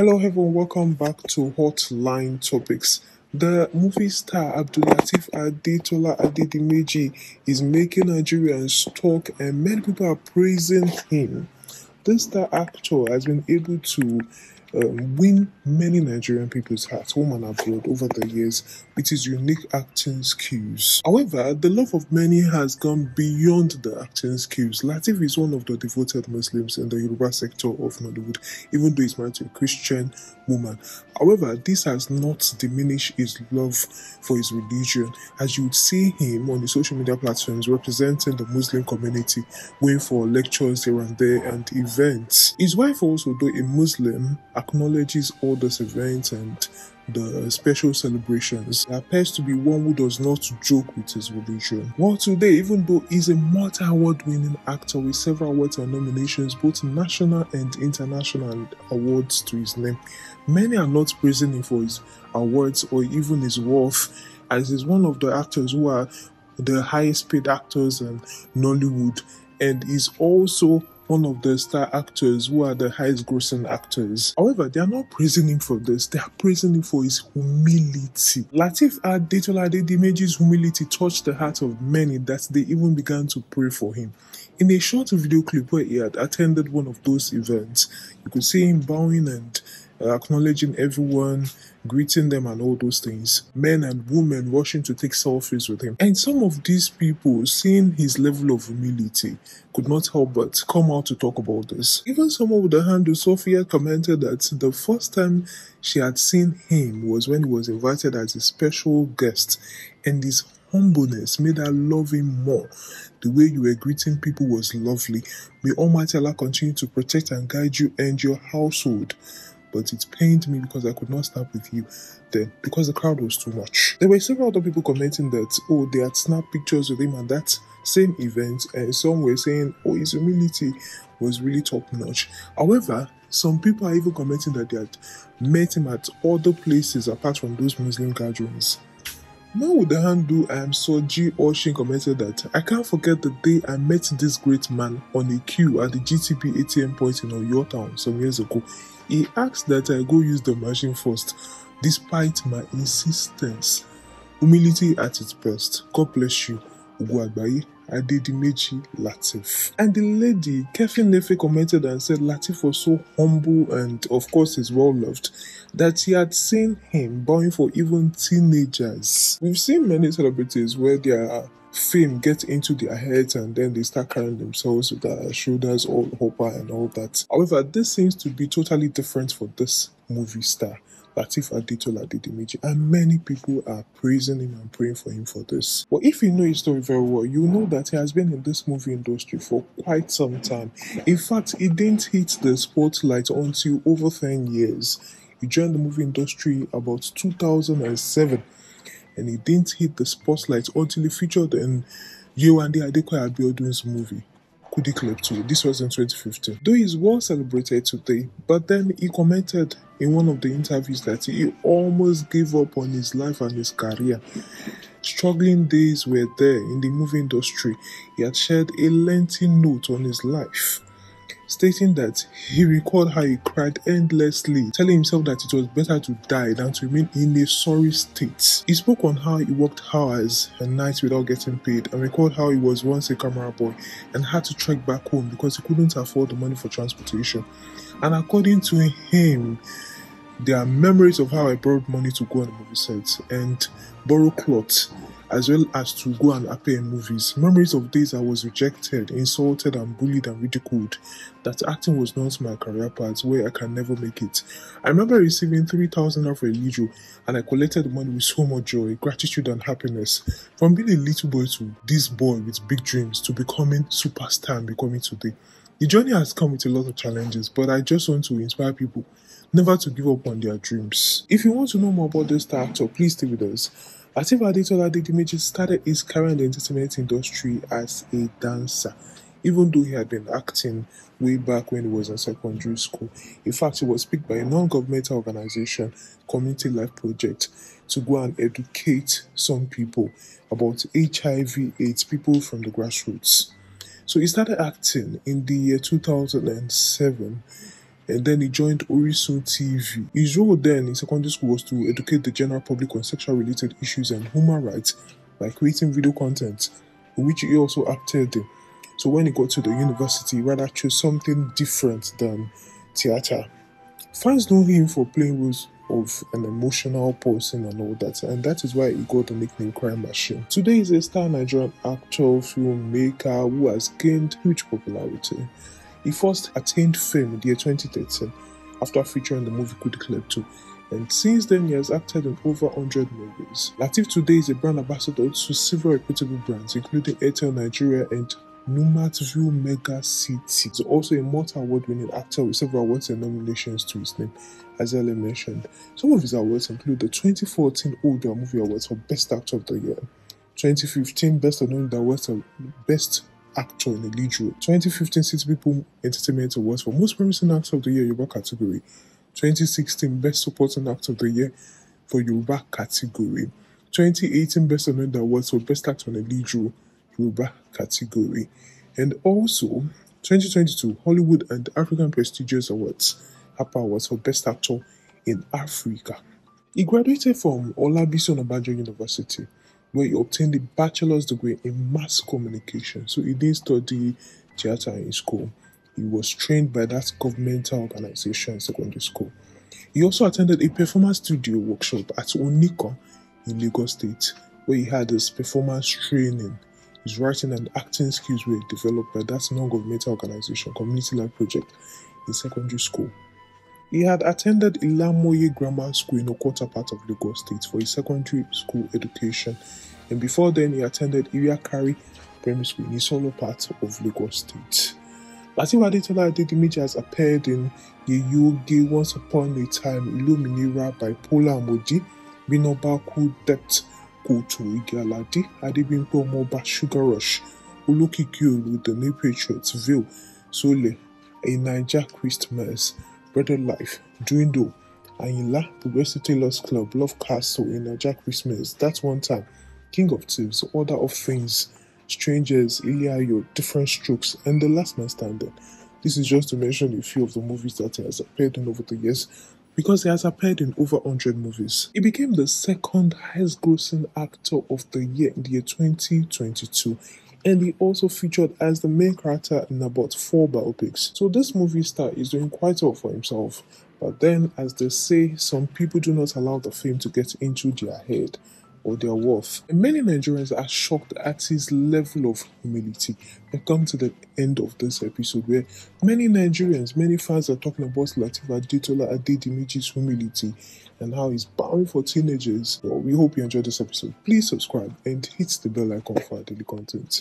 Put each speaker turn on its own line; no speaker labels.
Hello, everyone. Welcome back to Hotline Topics. The movie star Abdulatif Adetola Adedimeji is making Nigerians talk, and many people are praising him. This star actor has been able to um, win many Nigerian people's hearts home and abroad over the years with his unique acting skills. However, the love of many has gone beyond the acting skills. Latif is one of the devoted Muslims in the Yoruba sector of Nollywood, even though he's married to a Christian woman. However, this has not diminished his love for his religion, as you would see him on the social media platforms representing the Muslim community, going for lectures here and there and events. His wife, also, though a Muslim, acknowledges all those events and the special celebrations. He appears to be one who does not joke with his religion. Well, today, even though he's a multi award winning actor with several awards and nominations, both national and international awards to his name, many are not praising him for his awards or even his worth, as he's one of the actors who are the highest paid actors in Nollywood and is also one of the star actors who are the highest grossing actors. However, they are not praising him for this, they are praising him for his humility. Latif Adetola Adedimeji's humility touched the heart of many that they even began to pray for him. In a short video clip where he had attended one of those events, you could see him bowing and uh, acknowledging everyone, greeting them, and all those things. Men and women rushing to take selfies with him. And some of these people, seeing his level of humility, could not help but come out to talk about this. Even someone with a handle, Sophia, commented that the first time she had seen him was when he was invited as a special guest, and his humbleness made her love him more. The way you were greeting people was lovely. May Almighty Allah continue to protect and guide you and your household but it pained me because I could not snap with you then because the crowd was too much. There were several other people commenting that, oh, they had snapped pictures with him at that same event, and some were saying, oh, his humility was really top notch. However, some people are even commenting that they had met him at other places apart from those Muslim gatherings. Now with the handu, I am so G. Oshin commented that I can't forget the day I met this great man on a queue at the GTP ATM point in Oyo Town some years ago. He asked that I go use the machine first, despite my insistence. Humility at its best. God bless you. Uguagbaye Adedimeji Latif. And the lady, Kevin Nefe, commented and said Latif was so humble and, of course, is well loved that he had seen him bowing for even teenagers. We've seen many celebrities where they are fame get into their heads and then they start carrying themselves with their shoulders all hopper and all that. However, this seems to be totally different for this movie star. Latif Adetola Didimeji, and many people are praising him and praying for him for this. But if you know his story very well, you know that he has been in this movie industry for quite some time. In fact, he didn't hit the spotlight until over 10 years. He joined the movie industry about 2007 and he didn't hit the spotlight until he featured in um, Yewande Adekoya Abiodun's movie. Kudiklep This was in 2015. Though he's well celebrated today, but then he commented in one of the interviews that he almost gave up on his life and his career. Struggling days were there in the movie industry. He had shared a lengthy note on his life stating that he recalled how he cried endlessly, telling himself that it was better to die than to remain in a sorry state. He spoke on how he worked hours and nights without getting paid and recalled how he was once a camera boy and had to trek back home because he couldn't afford the money for transportation. And according to him, there are memories of how I borrowed money to go on movie sets and borrow clothes as well as to go and appear in movies. Memories of days I was rejected, insulted, and bullied and ridiculed. That acting was not my career path where I can never make it. I remember receiving 3,000 of for and I collected money with so much joy, gratitude, and happiness. From being a little boy to this boy with big dreams to becoming superstar and becoming today. The journey has come with a lot of challenges, but I just want to inspire people never to give up on their dreams. If you want to know more about this actor, please stay with us. Lateef Adetola Adedimeji started his career in the entertainment industry as a dancer, even though he had been acting way back when he was in secondary school. In fact, he was picked by a non governmental organization, Community Life Project, to go and educate some people about HIV, AIDS, people from the grassroots. So he started acting in the year 2007 and then he joined Orison TV. His role then in secondary school was to educate the general public on sexual related issues and human rights by creating video content, which he also acted So when he got to the university, he rather chose something different than theatre. Fans know him for playing roles of an emotional person and all that, and that is why he got the nickname Crime Machine. Today is a star Nigerian actor, filmmaker who has gained huge popularity. He first attained fame in the year 2013 after featuring the movie Good Club 2 and since then he has acted in over 100 movies. Latif today is a brand ambassador to several reputable brands including Airtel Nigeria and Numatville Mega City. He's also a multi-award-winning actor with several awards and nominations to his name, as earlier mentioned. Some of his awards include the 2014 Older Movie Awards for Best Actor of the Year, 2015 Best Unknown Awards for Best actor in the lead role. 2015 City People Entertainment Awards for Most Promising Actor of the Year Yoruba category. 2016 Best Supporting Actor of the Year for Yoruba category. 2018 Best Another Awards for Best Actor in the Lead Role Yoruba category. And also 2022 Hollywood and African Prestigious Awards APA Awards for Best Actor in Africa. He graduated from Olabisi Onabanjo University where he obtained a bachelor's degree in mass communication. So he didn't study theater in school. He was trained by that governmental organization in secondary school. He also attended a performance studio workshop at Onika in Lagos State, where he had his performance training. His writing and acting skills were developed by that non governmental organization, Community Life Project, in secondary school. He had attended Ilamoye Grammar School in Okota part of Lagos State for his secondary school education, and before then he attended Iriakari Primary School in solo part of Lagos State. Lateef Adetola image has appeared in Yogi Once Upon a Time, Illuminera, Bipolar Emoji, Binobaku Depth, Koto Igaladi, Adebimpo Moba Sugar Rush, Olokiki with The New Patriots, Veil, Sole, A Niger Christmas, Better Life, Dwindle, Ayinla, Progressive Tailors Club, Love Castle, in Jack Christmas, That One Time, King of Thieves, Order of Things, Strangers, Your Different Strokes, and The Last Man Standing. This is just to mention a few of the movies that he has appeared in over the years, because he has appeared in over 100 movies. He became the second highest grossing actor of the year in the year 2022 and he also featured as the main character in about four biopics. So this movie star is doing quite well for himself. But then, as they say, some people do not allow the fame to get into their head or their worth. And many Nigerians are shocked at his level of humility. And come to the end of this episode where many Nigerians, many fans are talking about Latif Adetola Adedimiji's humility and how he's bowing for teenagers. Well, we hope you enjoyed this episode. Please subscribe and hit the bell icon for daily content.